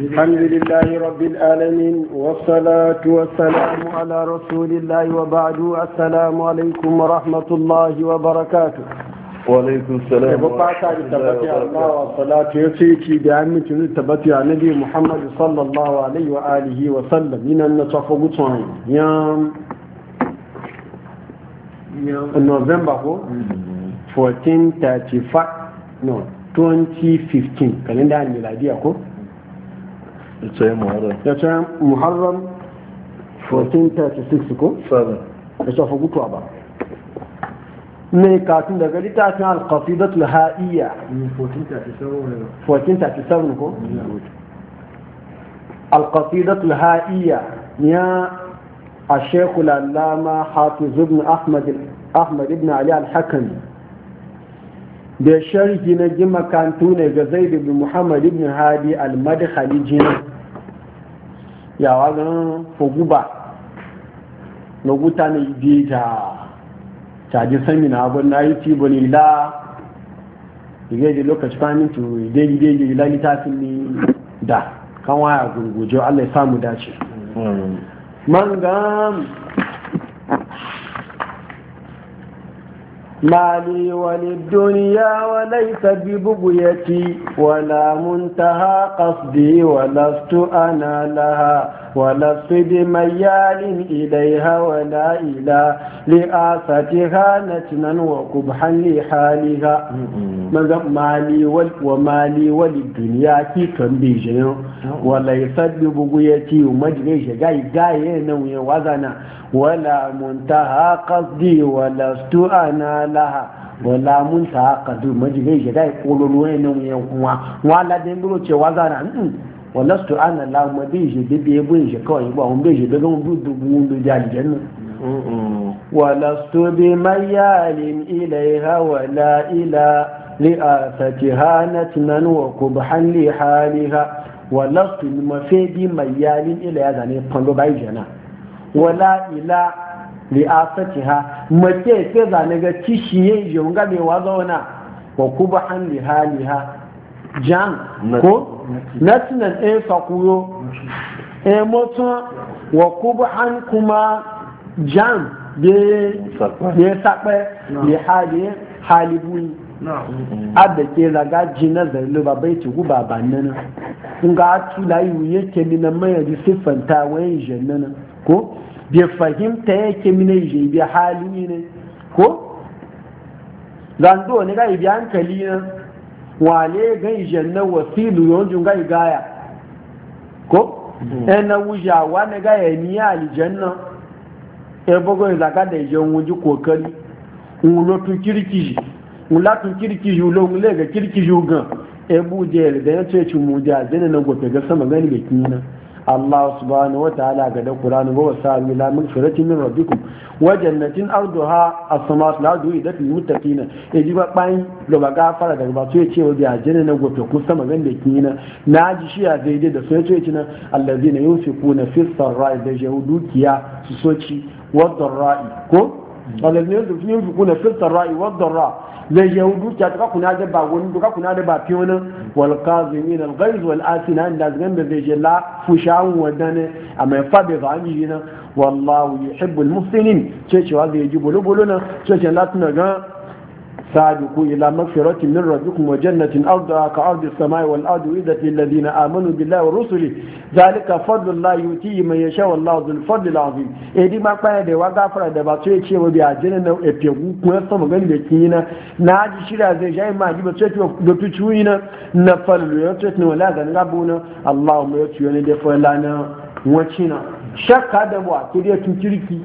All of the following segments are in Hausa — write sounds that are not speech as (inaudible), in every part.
الحمد لله رب العالمين والصلاة والسلام على رسول الله وبعد السلام عليكم ورحمة الله وبركاته وعليكم السلام ورحمة الله وبركاته والصلاة يسيكي بعمة تبتي على نبي محمد صلى الله عليه وآله وسلم من النصف وقصعين يام نوفمبر 1435 no 2015 kalenda miladiya ko يتسايم محرم يتسايم محرم فورتين تاتي سيكسكو سابا يتسايم فقوتو أبا نيكاتين دقالي تاتي عن القصيدة الهائية فورتين تاتي سابا القصيدة الهائية يا الشيخ الألامة حافظ ابن أحمد أحمد ابن علي الحكم بشرجنا جمع كانتوني جزيد بن محمد بن هادي المدخل جنة yàwá gan fogúbà lọ́gúta ní ibi ìjà tàbí sẹ́mìnà abin na yi ti bane ila ìgbé da lokaci kamin to daidai daidai ila littafin ne da kan waya gurguje allah ya samu dace man gan مالي وللدنيا وليس ببغيتي ولا منتهى قصدي ولست أنا لها ولا الصد ميال إليها ولا إلى لآفتها نتنا وقبحا لحالها مالي وال ومالي وللدنيا كي كان بيجين وليس ببغيتي ومجريش جاي جاي نوي وزنا ولا منتهى قصدي ولست أنا لها ولا منتهى قصدي kadu جاي قولوا dai kololo ne ne kuma wala walastu ana la mo bi je bebe bo je ko yi bo be je bebe bu du bu du ja je no walastu bi mayalin ilaiha wala ila li asatiha natnan wa qubhan li haliha walastu mafedi mayalin ilaiha zane pando bai jana wala ila li asatiha mace ce zane ga kishiye je nga me bá na wa qubhan li haliha jan ko natinan ɗaya sakuro ɗaya motun wa kubu an kuma jam ya saɓe ya hali halibuyi adda ke raga ji nazarin luba bai ci guba ba nan in ga atu layi wuye ke mina mai ji siffanta wayan jen nana ko bai fahimta yake mina je bi hali ne ko zando ne ga ibi hankali na. wale gan janna wasilu yonjun gai gaya ko mm. ena wuja wani gaya ni ya aljanna e bogo ya zaka da jan wuji kokari ulo tun kirkiji ula tun kirkiji ulo ule ga kirkiji gan e buje da ya ce ci mu ja dana na gobe ga sama gani ga kina Allah subhanahu wa ta'ala ga dan Qur'ani wa sa'alu la min shirati min rabbikum wa jannatin arduha as-samawati wal ardu idat lil muttaqin e ji ba bai lo ba gafara daga ba so yace wa bi ajina na gofe ku sama ganda kina na ji shi ya daidai da so yace kina allazina na fi sarra'i da jahudukiya su soci wa darra'i ko alladhina yunfiquna fil sarai wad dharra zai yahudu ta ka kuna da ba wani duka kuna da ba fiyonin wal qazimin al ghaiz wal asina inda zan da zai jalla fushan wadane amma fa bi zalimi na wallahu yuhibbul muhsinin ce ce wa zai ji na ce latin latuna ga سابقوا إلى مغفرة من ربكم وجنة أرضها كأرض السماء والأرض وإذا للذين آمنوا بالله ورسله ذلك فضل الله يؤتيه من يشاء والله ذو الفضل العظيم إدي ما قاعد دي وقافر دي باتوية تشي وبي أجنة إبيغو كويسة مغني بكينا ناجي شرع زي جاي ما جيب تشي دوتو تشوينا نفل ويوتشنا ولا ذنغبونا اللهم يوتشونا دي فلانا وچنا هذا دموا كده تنكركي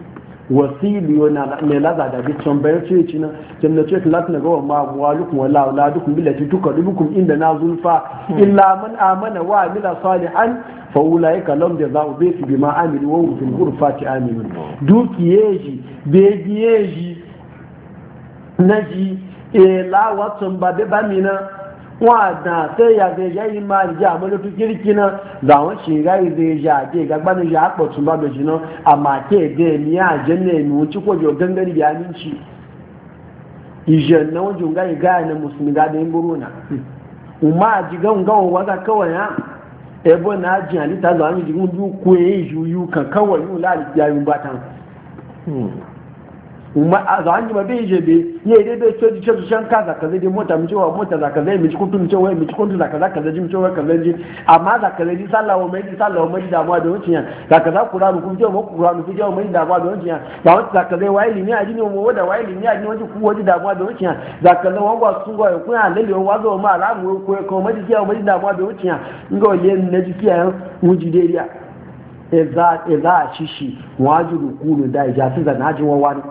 wasili yana ne laza da bi bayar ci nan jannace lat na gawa ma walukum wala auladukum billati tuqribukum inda na zulfa hmm. illa man amana wa amila salihan fa da zau jazaa'u bi bima amilu wa hum fil ghurfati aminun hmm. dukiyeji na naji e la watson ba be bamina wadda sai ya zai ya yi mari ji amma lutu kirki na da wani shiga yi zai ya ke gagbanin ya haɓa tun ba bai jinan amma ke da ni ya janna ya nuci ko yau gangari ya ninci ijen na wajen gari gaya na musulmi ga da yin buru na gan gawa waga kawai ya ebo na za a jima bai jebe ya yi daidai ce ce su shan kaza mota mu cewa mota za kaza mi cikin tun cewa mi cikin za kaza kaza jim cewa kaza ji amma za ji sallawa mai ji sallawa mai damuwa da wancin yan za cewa cewa mai damuwa da wancin yan za wata za kaza waye limi a jini mu wada waye limi a jini waje ku waje damuwa da wancin yan za kaza wangwa sun gwa ku ya lalle wangwa ma ramu ko ko mai ji mai damuwa da wancin yan ngo na ji kiyaye mu ji dai Eza a ci shi wajiru da ijasi da najin wani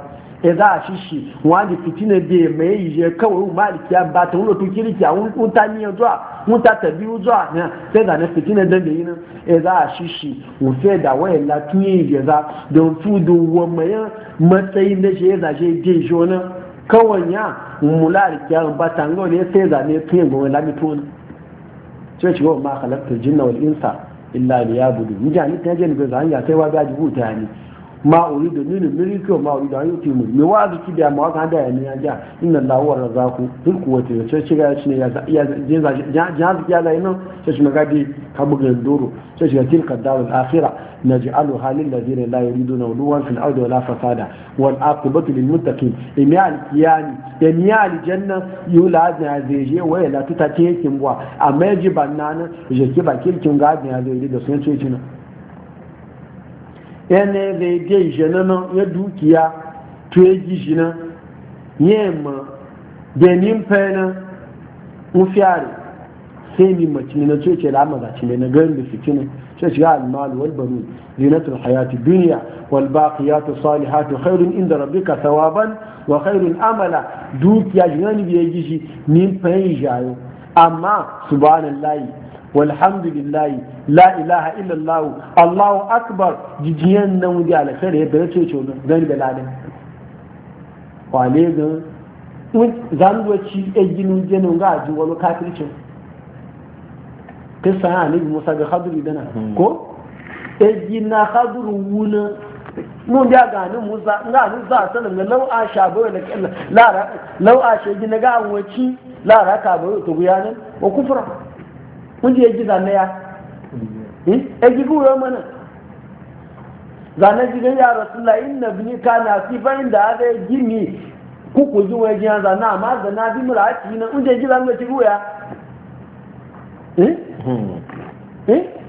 ya e za a shishi wani fitina bai mai yi je kawai maliki ya ba ta wulo tun kiriki a wuta niyan zuwa wuta ta biyu zuwa na sai fitina da bai yi nan ya a shishi wufe da wayan na tun yi ya za don su da wamayan matsayin da shi ya zaje je shi wani kawai ya mula da kiyar ba ta ngau ne sai zane tun yin gwamnati lami tona sai ci gwamnati ma halatta jinna insa illa liya budu mutane ta yi jani bai zan ya ma uridu min miliki milki wa ma uridu an yuti mu me wa zuki da ma ka da yana ja inna Allahu wa razaku dul kuwati ya ce shiga shi ne ya ya ja ja zuki ya laino ce shi magadi ka buga doro ce shi tilka dar al-akhirah naj'aluha lil ladina la yuriduna ulwan fil ardi wala fasada wal aqibatu lil muttaqin imya al-qiyani imya al-janna yula da zeje wa la tutake kin bwa amma yaji banana je ki ba kirkin gadin ya zai da sun ce shi na yana zai gai shi nan ya dukiya to ya ji shi yamma da nimfa na mufiyari sai ni mace na ce ce lama ga na garin da fitina ce shiga almalu wal barun zinatul hayati duniya wal baqiyatu salihatu khairun inda rabbika thawaban wa khairun amala dukiya jinani biye gishi nimfa yi jayo amma subhanallahi لله la ilaha الا allahu akbar اكبر جيجين wuri alkhairu على خير يا ce تشو da ladan kwale gan zanduwaci ya ginu jenu ga aji wani kafircin kisa ya nabi musa ga haduru dana hmm. ko ya gina haduru wuna mun ya gani musa ga ni za sanin ga lau a shabe wa lau a shegi na ga waci lara ka bai ta guyanin ko kufra wanda hmm? ya zane ya eji ji kuwa mana zane jigan ya rasula inna bini ka na fi bayin da aka yi gini kuku ji wani jiyan zane amma zana bi mura a ciki nan wanda ya ji zane ci kuwa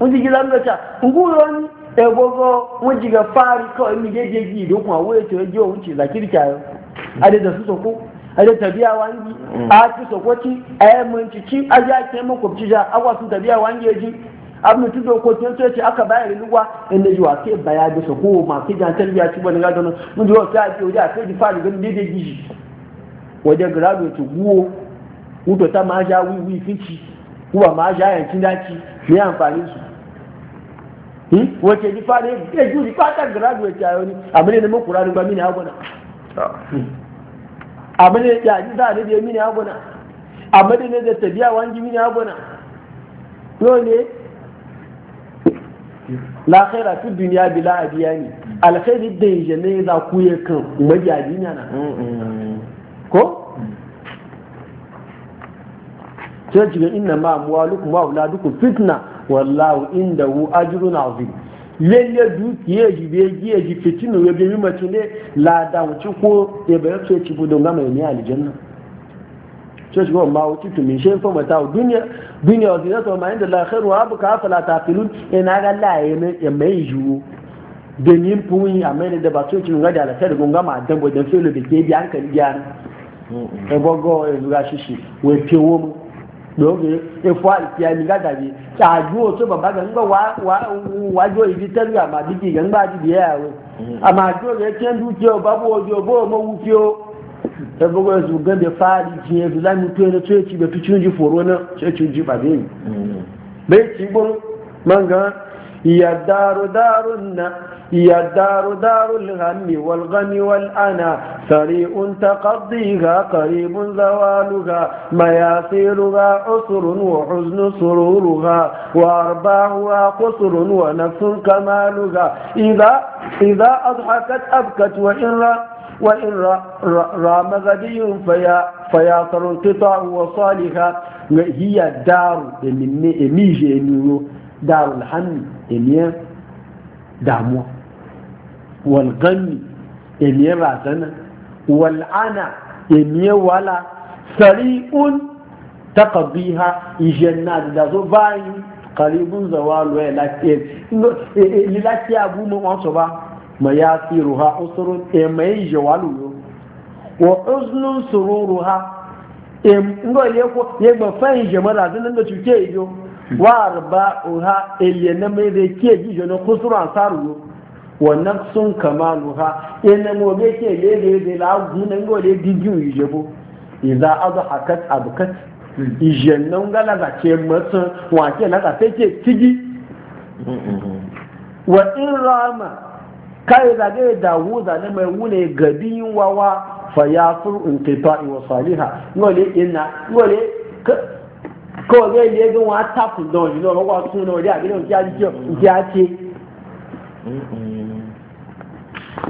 wanda ji zane ci kuwa wani egogo wọ́n jìgà hmm? hmm? fáàrí kọ́ ẹ̀mí jẹ́jẹ́ yìí lókun àwọn ètò ẹjọ́ òun ti làkìrìkà adẹ́dàsúsọ kó ada tabiya wangi a ci sokoci a yi mincici a ji ake makwabci ja agwa sun tabiya wangi ya ji abin tu dokokin sai ce aka bayar ruwa inda ji wake baya da sako ma ki jan tarbiya ci bani gado nan mun ji wata ake wajen akai ji fari gani daidai gishi wajen graduate guwo wuto ta ma ja wiwi fici kuwa ma ja yankin daci me amfani su hmm? wace ji fara ya ji fata graduate ya yau ne abin da mun kura ba mini hagu na ah. hmm. abin da ya ji za a da mini abuna amma da ne da tabiya wangi mini abuna dole la khaira fi dunya bila abiyani alkhairi da yake ne za ku yi kan majaji na ko sai ji ga inna ma amwalukum wa auladukum fitna wallahu indahu na azim lalle dukiya ji be giya ji fitinu ya bi mace ne lada wuce ko ya bayar so ci budon gama ne aljanna sai shi ma wuce to me shi fa ta duniya duniya wasu zata ma inda la abu ka fala tafilun ina ga la ya mai juwo da yin fuyi a mai da ba so ci ga da alkhairi gonga ma dan bodan sai lo bike bi hankali gyara e bogo shishi we pewo mu lóge efo àti amigada bi ṣáájú òtún bàbá gàngbà wájú ìdí tẹ́lú àmàdíkì gàngbà àti bìyà ẹ̀rọ àmàdí òye kẹ́ndú tí o bá bó ojú o bó o mọ wú tí o ẹgbẹ́gbẹ́ ẹ̀sùn gẹ́gẹ́ fáàlì jì fi lámì tó ẹni tó jí fòrò tó jí yìí mm. tí ìyà هي الدار دار الغم والغم والأنا سريع تقضيها قريب زوالها مياسيرها عسر وحزن سرورها وأرباعها قصر ونفس كمالها إذا إذا أضحكت أبكت وإن وإن رام غدي فيا فياطر القطع وصالها هي الدار ميجي دار الهم walgani emiyar e razana wal'ana emiyar e wala sari'un takabiha ijenna da zo bayi karibun zawalu ya e lafiya abu mu wasu ba ma ya fi ruha usurun e mai jawalu yo wa uznun sururuha e ngo ye ko ye ba fayin jama'a zan da cuke yo wa arba'uha e ye na mai da ke ji jona kusuran saru yo wa nafsun kamaluha ina mo be ke le le de la gune ngo le diju Iza idza adhakat abkat hmm. ijenna ngala za ke matsa wa ke na ka feke tigi hmm, hmm, wa in rama kai da ga da huza ne mai wune gabi wawa fa yafur inqita'i wa salihah ngole ina ngole ko ga le ga wa tapu don yi no ko tun no ya ga don ki a ki a ce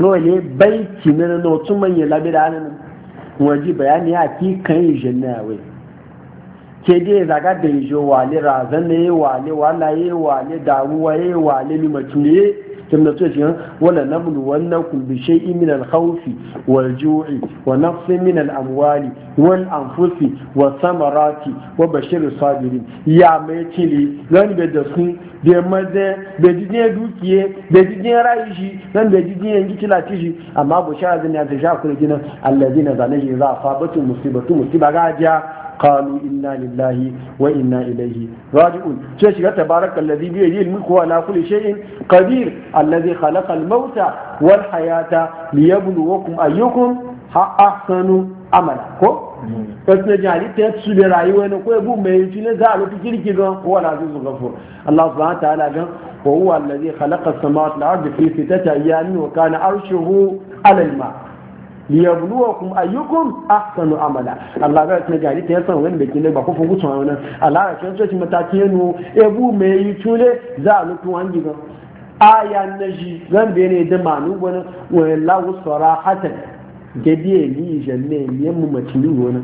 nawa ne banki na na otu manyan labe da hannun waje bayani a ki kan yi janna wai ke dai zaga da yi jo wale razan yi wale wala yi wale damuwa yi wale limacin ne kin da cewa wala nablu wannakum bi shay'in wa nafsin min al-amwali wal wa samarati wa bashir sabirin ya mai cili lan be da sun be maze be jijin dukiye be jijin rayi shi lan be jijin yanki kilati shi amma bushara zan ya ta sha kullu gina alladina zalahi za fa batu musibatu musiba gajiya qalu inna lillahi wa inna ilaihi raji'un ce shiga tabarakallazi bi yadihi mulku wa ala kulli shay'in qadir allazi khalaqa al-mauta wal hayata liyabluwakum ayyukum ahsanu amala ko kasna jali ta su da rayuwa ne ko bu mai shi ne za a rufe kirki ko wala azizu ghafur Allah subhanahu wa ta'ala ga wa huwa allazi khalaqa as-samawati wal arda fi sittati ayyamin wa kana arshuhu 'ala liyabluwakum ayyukum ahsanu amala Allah ga tana gari ta san wanda ke ne ba ku fungu tsawon nan Allah ya kance shi mataki yano ebu mai tule za a lutu wangi ga aya naji zan be ne da manu wani wani lawu sarahatan gadiye ni janne ne mu matini wani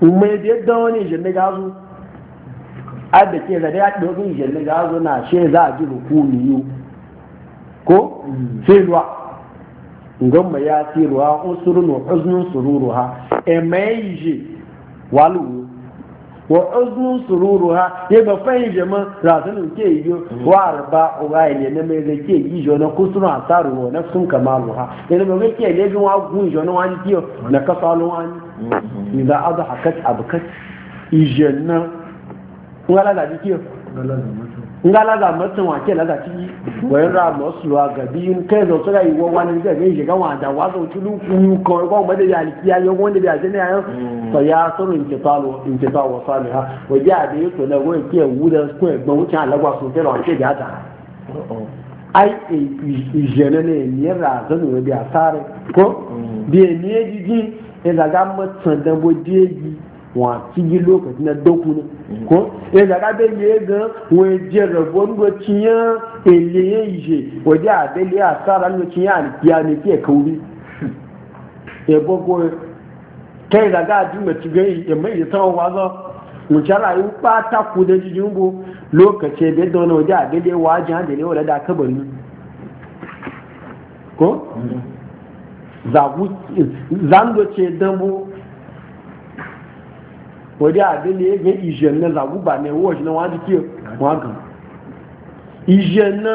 umma da yadda wani janne gazu a da ke da ya dogon janne gazu na she za a ji hukumi ko mm. sai ruwa ngomma ya fi ruwa usurun wa uznun sururuha e mai ji walu wa uznun sururuha ya ga fayin jama rasulun ke yi mm-hmm. wa arba uga ile na mai zai ke yi jo na kusurun asaru wa na sun kamalu ha ya ga ga ke ne ga wa gun jo na wani kiyo na kasalu wani mm-hmm. idan azu hakat abkat ijenna ngala da kiyo ngala da matan wa ke la da kiyo wọ́n ra mọ́sùlùmí àgàbí yìí kẹ́sàn tó láyé wọ́n ga ní ìgbà ìgbà ìṣẹ̀gá wọn àdá wàásù òtúlù kúnyù mgbe ẹ̀kọ́ ọmọdé yà ya kí ayé wọ́n níbi àṣẹ ní ayé ya sọ̀rọ̀ ìjẹta wọ̀ sáré ha òjì àdé ètò náà wọ́n èké ẹ̀wú dẹ kún ẹ̀gbọ́n wọ́n ti hàn ai wa fiji lokaci na doku ne ko e da ka ga je rabo ngo tiya ye je a be le asara ngo tiya ni tiya mm-hmm. ni e ko ji e mai wa mu ta ku da ji lokaci a le wa ji da ko zando ce dambo wọ́dí àdé ní ẹgbẹ́ ìṣẹ̀nà làgúbà ní ẹwọ́ ìṣẹ̀nà wọ́n á di kí wọ́n gàn. ìṣẹ̀nà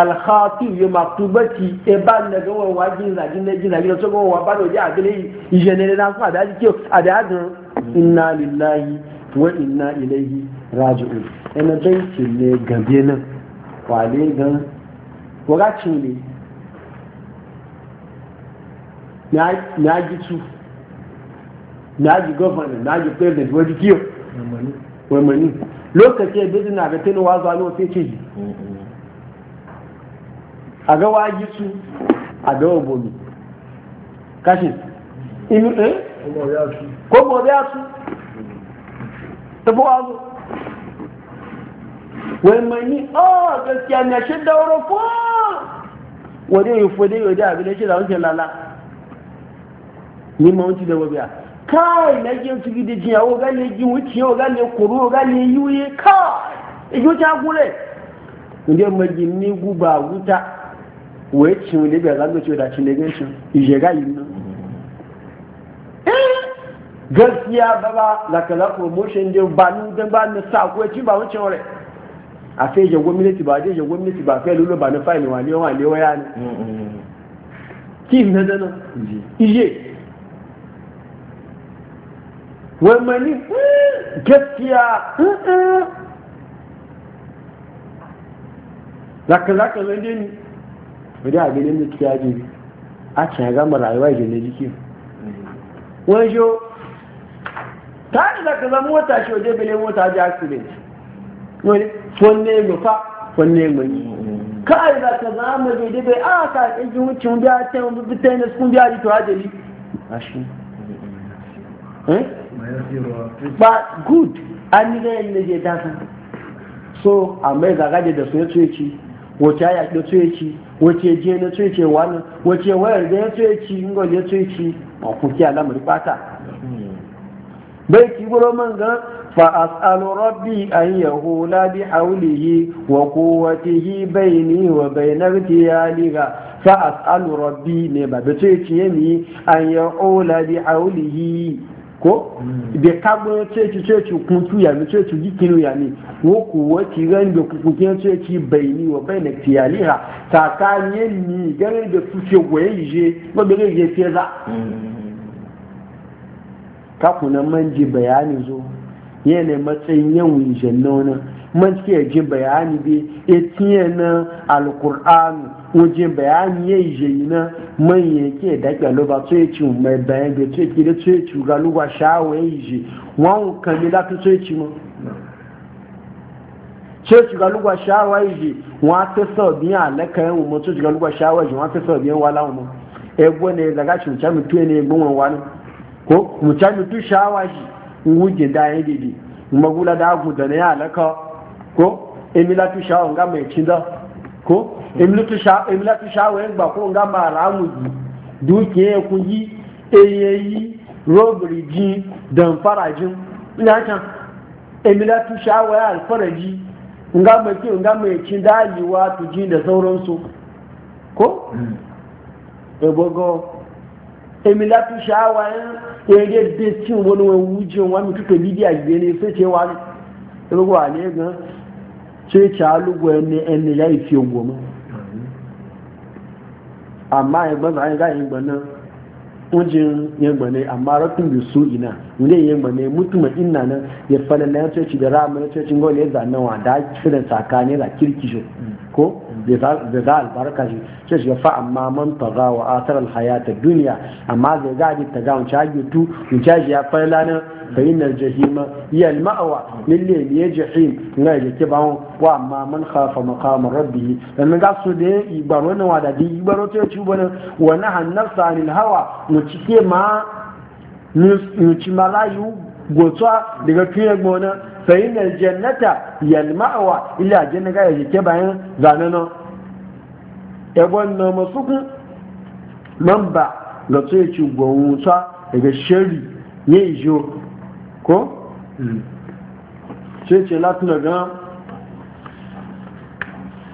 alhaki yóò máa tó bẹ́ẹ̀ tí ẹ bá nẹ̀gẹ́ wọn wá jí ìlàjì nẹ́jì ìlàjì lọ́sọ́ wọn bá lòdì àdé ní ìṣẹ̀nà ẹ̀dá fún àdé àdé àdé àdùn iná líláyì wọ́ iná ilé yìí rájò ẹ̀ ẹnà bẹ́ẹ̀ tí lè gàbí náà wà lé gan na ji governor na ji president wani kiyo wai mani lokaci ya bizu na ga tunawa zuwa ne wasu ce a ga waji su a ga wabomi kashin inu eh ko mori ya su ta bo azu wai mani oh gaskiya na shi dauro ko wani yi fode yi wajen abin da shi da wancan lala ni ma wanci da wabiya kai na jin su gidi jin yawo gane jin wuce yawo gane kuru gane yuye kai e ijo ta gure inda majin ni guba wuta wai ci wani bai zango ce da cin da gancin ije e ga yi nan eh, gaskiya baba la kala promotion din ba nu dan ba ni sa ko ci ba wuce wore a sai je gwamnati ba je je gwamnati ba kai lulu ba na fine wani wani waya ne kin na dana ije wai mani gaskiya zaka zaka zai ne wadda a ganin da kiya ji a can gama rayuwa ya ne jiki wani jo ta da zaka zama wata shi waje bele mota ji accident wani fonne mu fa fonne mu ah, yi kai za ka zama daidai, bai a ka ƙin wucin biya ta yi bitan da sun biya ji to hajjali a shi eh? but good an yi gayen ne je dasa so amma ya zagaje da su ya tsoye ci wace ya yaƙi echi ci wace je na wayar da ya tsoye ci ingol ya tsoye ci ma kuke alamar fata bai ki guro man ga فأسأل ربي أن يهول بحوله وقوته بيني وبين اغتيالها ya ربي نبا بتيتيني أن يهول ko da kagbon ceci ceci kuntu ya mi ceci jikinu ya mi woku wati ran da kukukin ceci bai ni wa bai e na tiyaliha tsakanin ni ganin da suke goye je ba bai je fiye za kakunan manji bayanin zo yana matsayin yan wujen nonon man ke ji bayani bi e tiye na alkur'an wajen bayani ya yi na man ya ke ya ci mai bayan da to ya da to ya ci yi je wọn kan ni lati to ya ci ma to ya ya yi ya yi ne daga ci mutu ne egbo wọn wani ko mutu ya yi yi didi magula da agu ya alaka ko emila tu sha nga mai cinda ko emila tu sha emila tu gba ko nga ma ra mu ji duke ku yi eyeyi robbery ji dan farajin ina can emila tu sha wa alfaraji nga mai ki nga mai cinda yiwa tu ji da sauransu ko ebogo emila tu sha yage yenge de tin wonu wujin wa mi tuto bidiya gbe ne sai cewa wa ne ebogo ale gan sai ci alugu ẹni ẹni ya ife ogun mọ́ àmá ẹgbọ́n sáré gáyé ń gbọ́n náà wọ́n jí yẹn gbọ́n náà àmá rọ́pìn lè sún ìnà ilé na ya náà mútùmọ̀ ìnà na ya fẹ́lẹ̀ náà da ẹ̀kì bẹ̀rẹ̀ àmọ́ tó ko da za albarka shi ce shi fa amma man taga wa atar ta duniya amma zai ga ji taga wancan in wancan shi ya fara lana bayin jahima iya alma'awa lille ne ya jahim na ya ke bawon wa amma man khafa maqama rabbihi da na su da ibaro na wada di ibaro ce ci bana wa nahan nafsa anil hawa mu cike ma mu ci malayu gotsuwa daga tuye gona sayin da jannata yalma'awa ila janna ga ya jike bayan zanana ebon na masu kun ba ga tsoye ci gwamnata daga shari ne ijo ko? Hmm. sai ce latin daga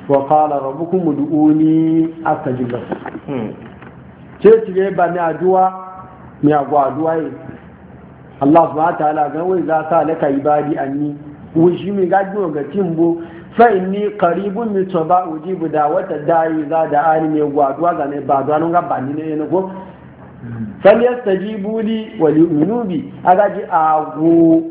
wa kala rabu kuma du'uni aka hmm. jigar sai ce ba ni aduwa ni agwa aduwa yi Allah subhanahu wa ta'ala ga wai za ta laka ibadi anni wushi mi ga jiwa ga timbo fa inni qaribun min tuba ujibu wata da'i za da ani ne gwaduwa ga ne ba duwa ga bani ne ne ko fal yastajibu li wa yu'minu bi aga ji ago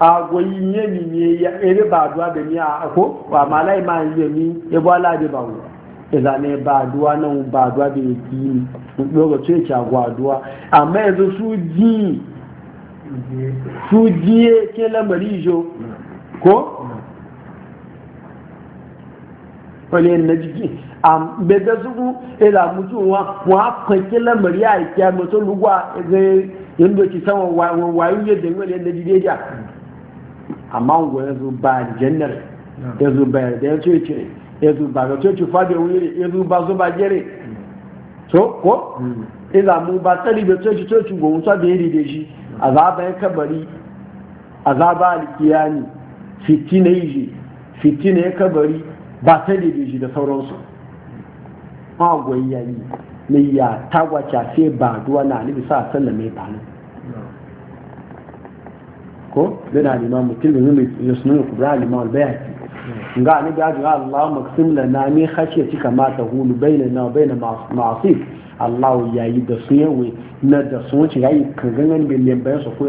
ago ne mi ne ya ere ba duwa da ni a ko wa malai ma yi mi e bwa la de ba wo zane ba aduwa nan ba aduwa da ya yi lokacin ya cagwa aduwa amma yanzu su ji su jiye ke lamari jo ko wani na jiki a bebe suku ila mutu wa kwanke lamari a ikiya mutu lugwa zai yin doki sama wayo da yi na jide ja amma ngwa yanzu ba jannar yanzu ba ya yanzu ba ga coci fadi wuri yanzu ba zuba gere so ko iza mu ba tsari da coci coci go musa da yiri da shi azaba ya kabari azaba fiti fitina yi fiti fitina ya kabari ba tsari da shi da sauransu ma goyi yayi ne ya tagwacha sai ba duwa na alibi sa sallah mai ba nan ko da na limamu tilbi ne mai yasnu kubra limamu bayaki ga ni da ga Allah maksim lana min ma kama hulu baina na baina ma'asi Allah yayi da su na da su ga yayi kan ganin bin bayan su ko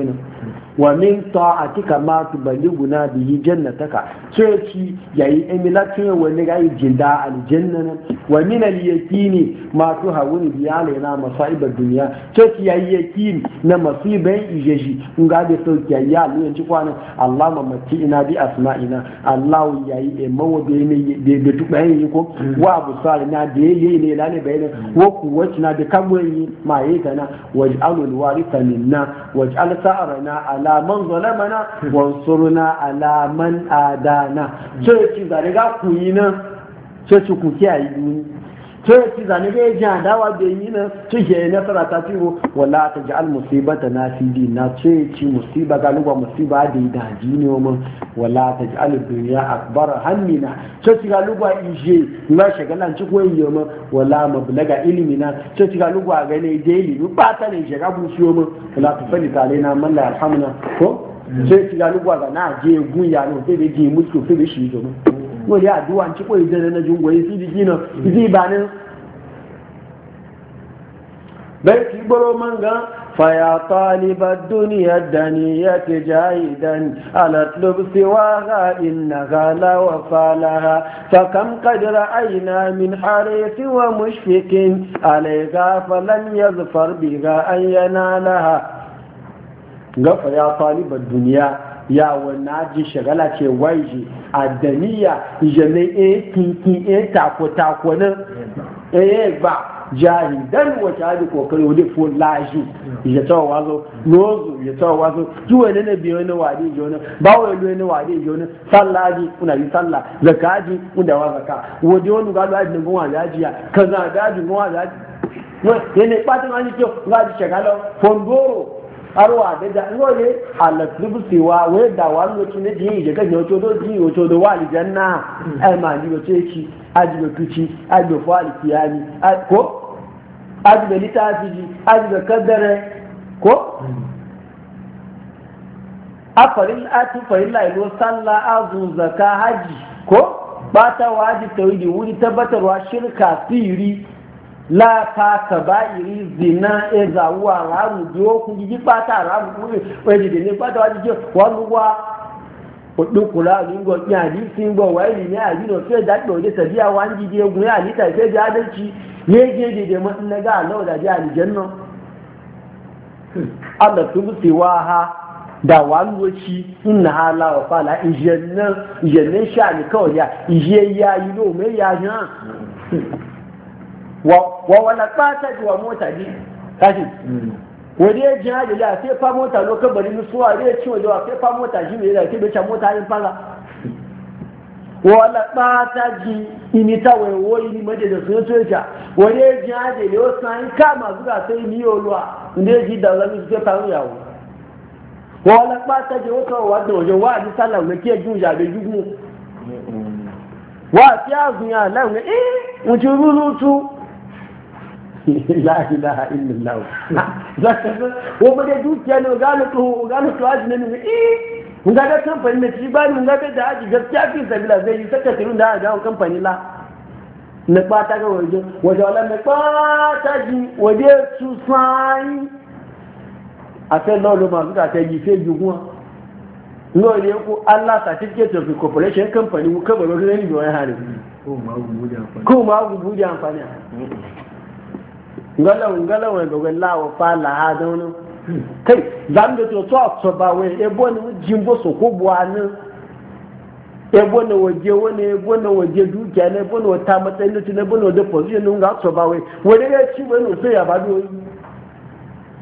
wa min ta'atika ma tuballighuna bihi jannataka sai ci yayi emilatin wani ga jinda aljanna wa min al-yaqini ma tuhawuni bi alaina masaiba dunya sai ci yayi yaqini na masiban ijeji nga ga da sauki ya ni yanci kwana Allah mati ina bi asma'ina Allah yayi e mawa be ne da tubayin yi ko mm. wa abusar na da ye ne ne bayin mm. wa kuwacina da kabwayi ma yi kana waj'alul waritha minna waj'al sa'rana ala man zalamana wansurna ala man adana sai ci ga daga ku yi nan sai ci ku kiyaye duniya to ya ci zane ga yaji adawa da yi na cike nasara ta ciwo wala ta ji almusiba ta na fi di na ce ci musiba ga lugwa musiba da yi da ji ne mun wala ta ji aldunya akbar hammina ce ci ga lugwa ije na shagalan ci koyi yi mun wala ilimi na. ce ci ga lugwa ga ne je ilimi ba ta ne shiga buciyo mun wala ta fali tare na malla alhamna ko ce mm. ci ga lugwa ga na je gun ya no sai da ji musu sai da shi zo mun mori aduwa ci koyi jere na jungoyi su ji gina zai bai ki gboro manga faya taliba duniya dani ya ke jayi dani alatlub siwa ha inna gala wa falaha fa kam kadira aina min harisi wa mushfikin alaiga falan ya zufar biga an yana laha ga faya taliba duniya ya wani ji shagala ce waiji a daniya jane e kinkin e tako tako nan e, e ba jahidan wata hadi kokari wani fo laji ya tawa wazo nozu ya tawa wazo juwa ne na biyo na wadi ji na ba wa lo na wadi jo na sallaji kuna yi salla zakaji kuna wa zaka wadi wani gado laji ngun wa zaji ya kaza daji ngun wa laji ne ne patin an ji ko ga shagala fondoro arwa da da ngole alatrubu siwa we da wando ci ne ji je ga nyoto do ji oto do wali janna ai ma ji oto ci aji do tuci aji do fali kiyani ko aji do litafi ji aji do kaddare ko afarin ati farin lailo sallah azu zaka haji ko ba ta waji tawidi wuri tabbatarwa shirka siri la ta báyìí zina ẹza wo aráàlú bí ó kún jíjí pátá aráàlú kúrò ẹ̀jẹ̀dẹ̀ ní pátá wájú jẹ́ wọ́n ló wá òdòkòrò àlùngọ̀ ní na ń bọ̀ wáyé ní àdìsí ọ̀fẹ́ ìdájọ́ òde tẹ̀lé àwọn àǹdíje egun ní àdìsí àìfẹ́ jẹ́ adéjì ní èjì àlọ́ náà. ha dà wá ń wọ́chí ha la ọ̀fà la ìyẹn náà ìyẹn náà ṣàlùkọ́ ọ̀yà ìyẹn ilé wa wala fata ji wa mota ji kashi mm. wani ya jina da ya sai fa mota lokacin bari nusuwa ne ya ciwo da fa mota ji mai da ke bai mota yin fara wa wala fata ji ini ta wai wo ini maje da sun soja wani ya jina da ya wasu na kama zuwa sai ni yi luwa inda ji da zami su sai faru yawo wa wala fata ji wata wa wadda wajen wa a sallan ga ke jin jabe jugu mm, mm. wa fiya zuya lan ga eh mutum rutu (laughs) la ilaha illallah (laughs) zaka ko ba dukiya ne na to ne eh mun ga da kamfani ne shi ba mun ga da aji gaskiya fi sabila zai yi saka da kamfani la ga waje waje wala ji waje su sai a fe lo ma no ne ko Allah certificate of corporation company ko ba ne ko ma amfani ko ma amfani ngalawan ngalawan ga wala wa fala ha da wani kai da to to ba wai ebo ni bo so ko buwanin ebo na waje wani ebo na waje dukiya na ebo wata matsayin da tuna ebo na waje position nga so ba wai wani ya ci wani so ya ba do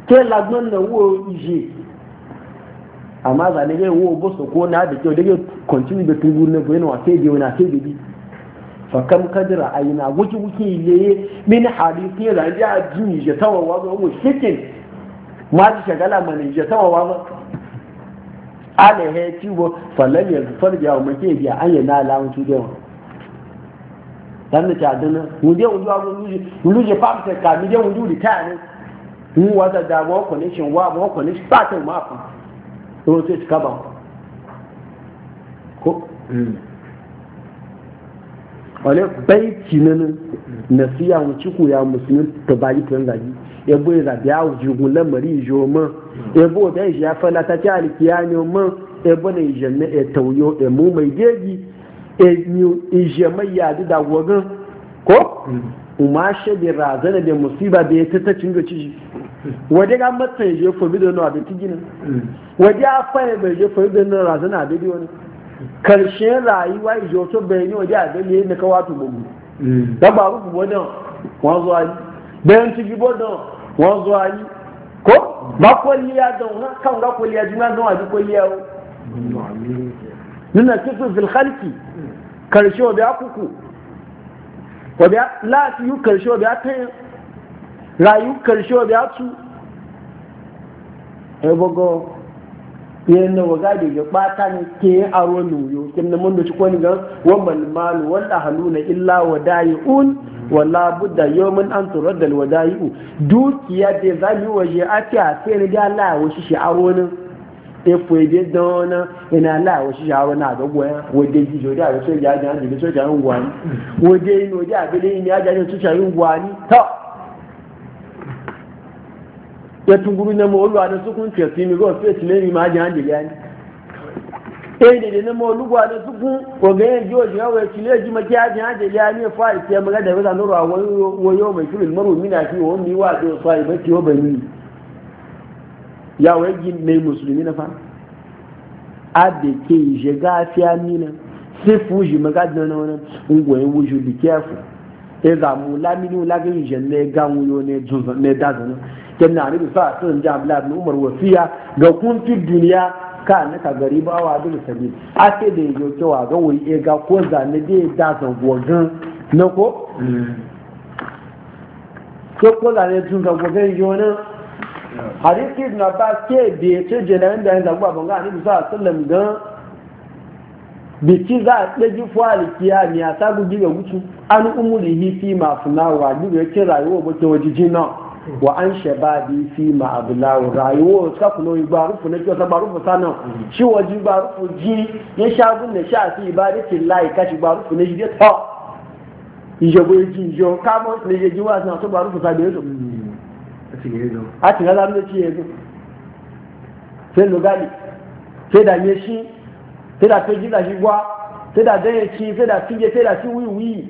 ke lagnon na wo ije amma zane ga wo bo so ko na da ke da ke continue da tubu na bo yana wa sai je wani sai bi fakam kadira aina wuki wuki ne min hadisi ya zanji a jini ya tawa wazo mu shikin ma ji shagala mani ya tawa wazo ala ya ci bo fallan ya wa mace biya an yi na alawun tu dewa dan da ta dana mu dai wuju abu luje luje famta ka mi dai wuju rita ne mu wata da mu connection wa mu connection ba ta ko wale bai kinini na siya mu ciku ya musulmi ta bayi tun zabi ya bai zabi awu, wuce lamari mari jo ma ya bai da ya fala ta ci alikiya ne ma ya bai na ijen na ya tauyo ya mu mai gegi ya yi ijen mai yadu da wagan ko kuma mm. shi da razana da musiba da ya ta cin gaci shi waje ga matsayin je fomi na? nawa da tigina waje a fahimta je fomi da na mm. razana da biyu ne karshen rayuwa ya ijo to bayani waje a gani ne ka wato gugu da ba rufu bodan wọn zuwa yi bayan ciki bodan wọn zuwa yi ko mm. ba kwalliya don kan ga kwalliya juna don a ji kwalliya o nuna kisu fil khalqi mm. karshe wa biya kuku wa biya la karshe wa biya tayin rayu karshe wa biya tu e yin na waga da ya bata ne ke yin aro nuyo kin na mun da ci kwani ga wannan malu wal ahluna illa wadai'un wala budda yawmin an turadda al wadai'u dukiya da zami waje a a sai ne da Allah wa shi aro ne e fo da dona ina Allah wa shi aro na ga goya wode ji jodi a so ja ja ji so ja ngwani wode ino ja bele ni aja ni so ja ngwani to ya tunguru na mawulu a da sukun cefi mi e gwa fiye cile mi maji hande gani eh da da na mawulu a da sukun ko ga yin jiwa jiwa wa cile ji maki haji hande gani ya fara ke maga da wata nuru a wayo mai shirin maru mina fi wa mi wa da sai ba ki ba ni ya wa yi mai musulmi na fa a da ke je gafiya mina sai fuji maga da na wani ungwayen wuju ya lamini lagin gamu yo ne ne na sun ga duniya ka ka gari ba wa dul sabi a ce da yo cewa ga wuri e ga ko zane da dazan gogun na ko ko ko yo ne hadisi na ba ce da ce da yanzu ba ga sa sallam ga biki za a ɗaji fuhari kiyami a sabu giga wuce an umuri hi fi ma funawa giga yake rayuwa wata waje jina wa an shaba bi fi ma abulawo rayuwa ta kuma yi ba rufu na kyau ta ba rufu sanan shi waje ba rufu ji ya sha gun da sha fi ba da kin layi kashi ba rufu na jiya ta ijago ya ji ka kama na ya ji wasu na to ba rufu ta da ya zo a cikin ya zama da ci ya zo sai lugali sai da me shi sai da to gida shi gwa sai da dan ci sai da sai da wiwi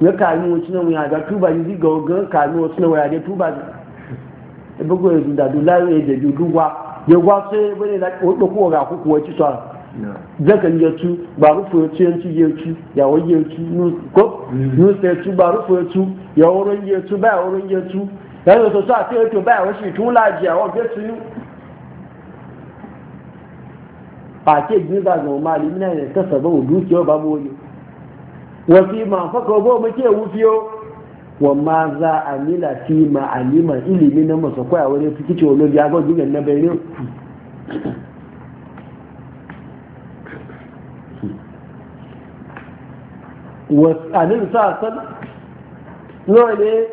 ya kanu wasu na wuya ga tuba yi ga kanu wasu ga tuba ne bugu da dula da duwa ya gwa sai bane da ko ga ku ci ya ba rufu ya ci yanci ya ci ya ko ba rufu ya ya ya ba ya ya ba tun wa fake giza ga mali mina ne ta saba wa dukiyo ba mu Wa wasi ma faka ba mu ke wufiyo wa ma za a fi ma alima ilimi na masa koya wani fi wani ya ga dugan na bayanin wasanin sa san nawa ne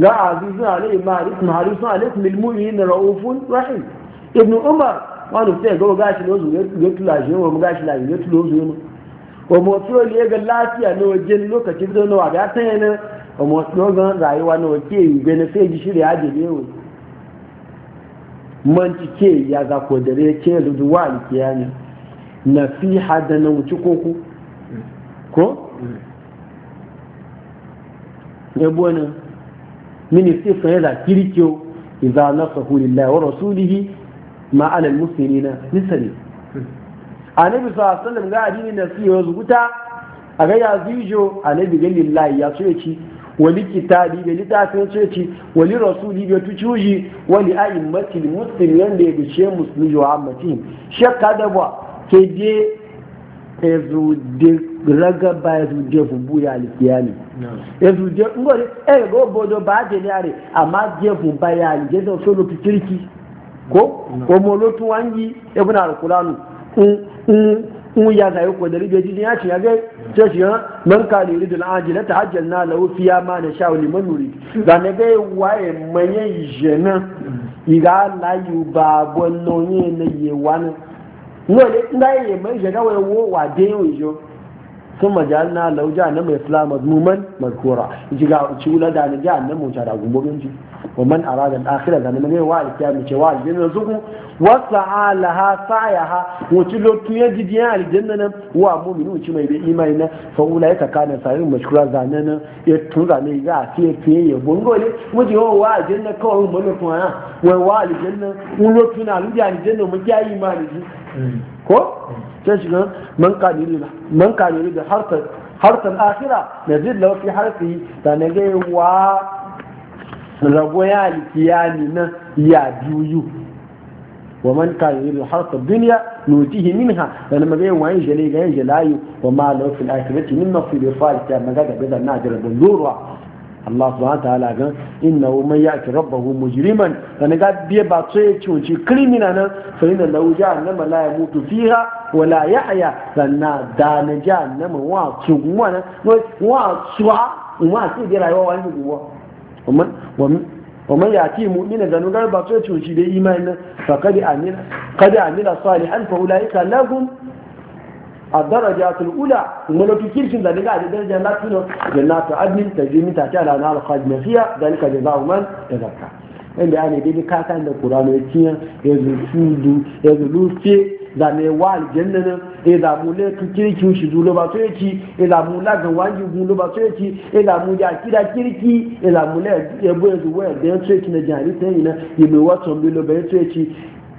ga azizun alaihi ma'arif ma'arif ma'arif milmumi ra'ufun rahim ibn umar Wani fita ya gbọ́dọ̀ gáàsì lóṣù yóò tu làṣẹ wọn mú gáàsì làṣẹ yóò tu lóṣù yẹn mọ́ ọmọ ya ó lé ga láàfíà náà ó jẹ́ lókàtí tó náà àbí àtẹ́yẹn náà rayuwa tí ó gan ràyíwá náà ké ìgbẹ́ni fẹ́ẹ́jì sílẹ̀ àjèlé o mọ́ǹtì ké ìyàgà kò dẹ̀rẹ́ ké lójú wà nìkíyà ni nà fi hadana wùtí kókó kó ẹgbọ́n náà mínísítì fẹ́ẹ́ rà ma'anar musulmi na misali annabi sa sallam ga adini na su yau zuguta a ga ya zijo annabi ga lillahi ya so ci wani kitabi da littafin so ci wani rasuli ga tucuji wani a'immati Musulmi da ya bishe musulmi wa ammatin shakka da ba ke je ezu de ragaba ezu de bubu ya alikiyani ezu de ngori e go bodo ba de yare amma je fubu ya alikiyani so lo ko ko molotun wangi ibn al-qur'an in ya zai ko da ribe jin ya ce ya ga ce shi man ka li ridul ajila tahajjalna lahu fiya ma na sha liman nuri da ne ga waye manye jena ira la yu ba bonno ne ne ye wan no le ndai ye manje ga we wo wa de yo ثم جعلنا لو جهنم يصلى مذموما مذكورا يجي ga cula da ne jahannam mu tara gumbobin ji wa man arada al-akhirah da ne wa al-kiyam ce wa al-jinna zuku wa sa'alaha sa'aha mu ci lotu ya ji diyan al-janna nan wa mu mu'minu ci mai da imani na fa ya ulaika kana sa'irun mashkura zanan ya tura ne ga ce ce ya bongo bongole mu ji wa al-janna kawai mu ne kuma wa wa al-janna mu lotu na lu da al-janna mu kiyayi imani ko sai shiga man kanuri da harfar harfar akira na zai lawa fi harfi da na gaiwa rago ya alkiyami na ya biyu wa man kanuri da harfar duniya nutihi minha da na magayin wayan jale ga yin jalayu wa ma lawa fi alakirati min mafi da fa'alta maga da bizar na jirgin zuruwa Allah subhanahu ta'ala gan innahu man ya'ti rabbahu mujriman dan ga biye ba so ya cuci criminal nan fa inna lahu jahannama la yamutu fiha wa la yahya sanna na jahannama wa tsuwa nan wa tsuwa wa sai da rayuwa wani duwa kuma wa man ya'ti mu'mina dan ga ba so ya cuci da imani nan fa qad amila qad amila salihan fa ulaika lahum a darajatul ula mulki kirkin da daga da darajar latino jannatu adnin tajimi ta ta lana al khadima fiya dalika jazaa'u man tazakka inda ana dai ka san da qur'ani yake yanzu sudu yanzu lufi da ne wa aljanna ne da mu le tu kirkin shi dulo ba to yake da mu la ga wanji gulo ba to yake da mu ja kira kirki da yanzu da na jari tayi na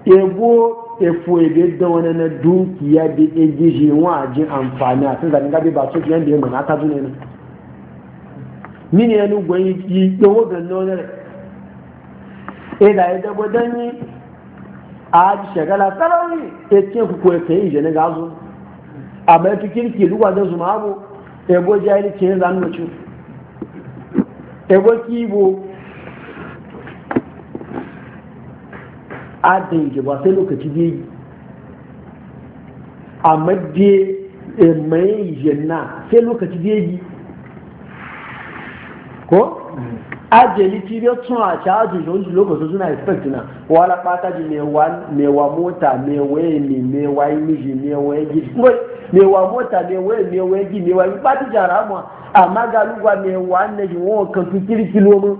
yabo efo ebe da wani na dukiya da ya gishi wa ji amfani a sun zanen gabi ba su fiye da ya mana ta zune ne mini yanu gwanyi yi yawo ga nonar e da ya dabo don yi a ji shagala sarari e ce ku kuwa ka yi jini gazo a mai fi kirki duka da su abu ebo jahili ce ya zanen da ciwo ebo kibo adin ki ba sai lokaci biyu amma je eh, mai jenna sai lokaci biyu ko ajali period tun a ci ajin shi wani lokacin suna expect na wala fata ji wa mota mewa emi mewa imiji mewa egi wa mota mewa emi mewa egi mewa emi fati jara mu amma ga lugwa mewa ne ji wọn kan fi kiri kilo mu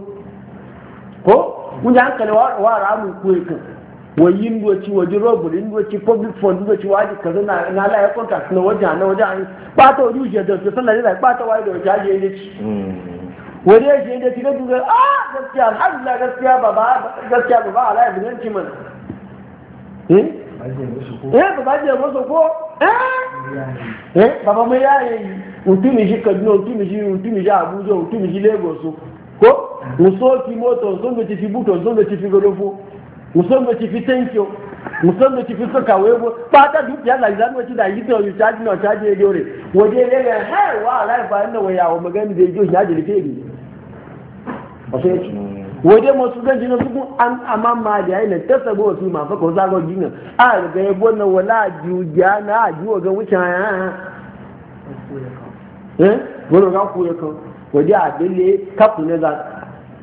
ko mun ji hankali wa ramu kuwa e kan wayin doci waje robin in doci public fund doci waje kaza na na la ya konta na waje na waje an ba ta waje je da to sallah da ba ta waje da waje mm. je ne ci waje je ne ci da duga a ah, gaskiya alhamdulillah gaskiya baba gaskiya baba ala ya bin ci man eh eh baba je musu ko eh eh baba mai yayi mutumi shi kaduna mutumi shi mutumi shi abuja mutumi shi lagos ko mm. musoki moto zongo ti fi buto zongo ti fi godofo musamman ti fi tẹ́ǹkì musamman ti fi sọ́kà wéwó pátá dúkìá làìsá ní ọjọ́ yìí tẹ̀ ọ̀yọ́ ṣáájú náà ṣáájú ẹgbẹ́ rẹ̀ wọ́n dé ẹgbẹ́ ẹ̀ wá aláìfà ẹ̀ náà yà ọmọ gẹ́gẹ́ bíi ẹjọ́ ìyájọ́ lè fẹ́ẹ̀rì ọ̀fẹ́ wọ́n dé mọ̀ sùgbọ́n jìnnà sùgbọ́n àmà máa dì àyìnlẹ̀ tẹ́sẹ̀ bó oṣù mà fẹ́ kọ́ sáré jìnnà àgbẹ̀ ẹgbọ́n náà wọ́n láàjù jà náà àjù ọ̀gá wíṣà ẹ̀ wọ́n lọ́ọ́ kú yẹ kan wọ́n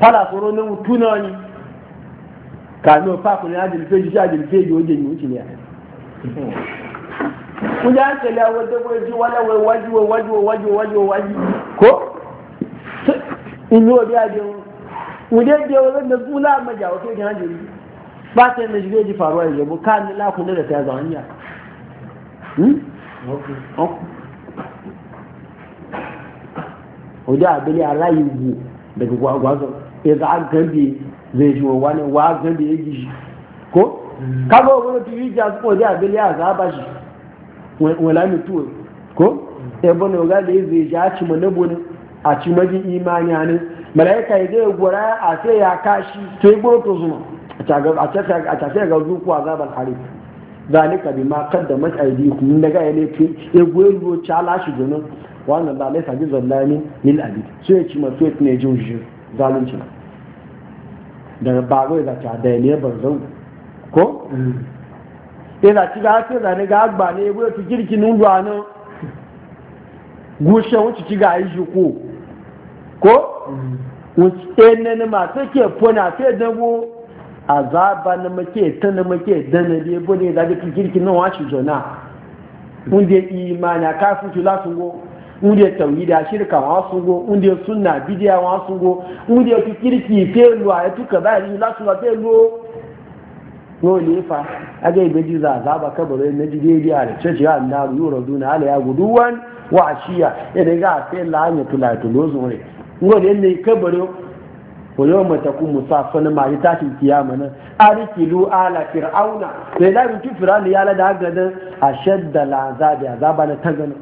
fara tsoro na mutu na wani kano faku ne ajiyar feji shi ajiyar ne ku a wajen kwaji wala wai waji wai waji waji waji ko in yi wa biya biyan wajen biya wajen da kula maja wato yin hajjiyar ba ta yi na shige ji faruwa Ka ne kan ni lakuna da ta zaune ya wajen abili a bu. daga gwagwazon ya za a gambe zai ji wani wa gambe ya ji shi ko kaga wani tuyi ji a suko zai abin ya zaba shi wala mutu ko ya bane ga da zai ji a ci mana bone a ci maji imani ne malaika ya zai gura a sai ya kashi to ya gora to zuma a tafiya ga zukuwa zaban hari zalika bi ma kadda kaddamat aidikum daga ya ne ya goyi ruwa cala shi domin wannan ba laisa bi zallamin lil abi su ya ci masu yake ne jin shi zalunci da ba zai za ta da ne ban zau ko eh za ci ga ce da ne ga agba ne go ki kirki nun duwa nan gushe wuce ci ga yi ko ko wuce ne ne ma sai ke fona sai dago azaba na make ta na make da na biye bane da ki kirki nan wa ci zona mun je imani kafin tula sun go unde e tauhida shirka wa sungo unde e sunna bidiya wa sungo unde ki kirki felu a tu ka bari la tu felu no ni fa aga ibe ji za za ba kabare na ji dai biya da ce ya na yuro duna ala ya guduwan wa ashiya de ga sai la anya tula tulo zure ngode ne yo ma ta ku musafa na mai ki kiyama nan arikilu ala fir'auna sai da ki fir'auna ya la da gadan ashadda la azabi azaba na tagana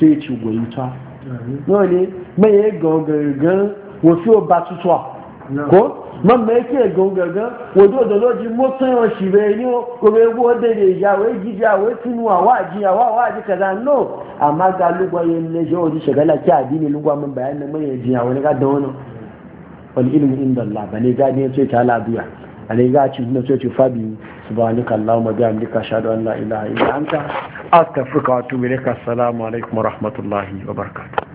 sai ci goyi ta nawa ne mai ya gangan wasu ba tutuwa ko man mai ke gangan wajen odoloji motsin yawan shi bai ni ko bai go da ne ya wai gija wai tunuwa wa jiya wa wa ji kaza no amma ga lugwa yin ne shi wajen shagala ki adini lugwa min bayanin mai ya jiya wani ga da na wani ilimin inda Allah ba ne gani ya ce ta labiya alai za a ci na soci fabi subhanaka ni bihamdika ashhadu an la ilaha illa anta astaghfiruka wa atubu ilaik salamu alaikum wa rahmatullahi wa barakatuh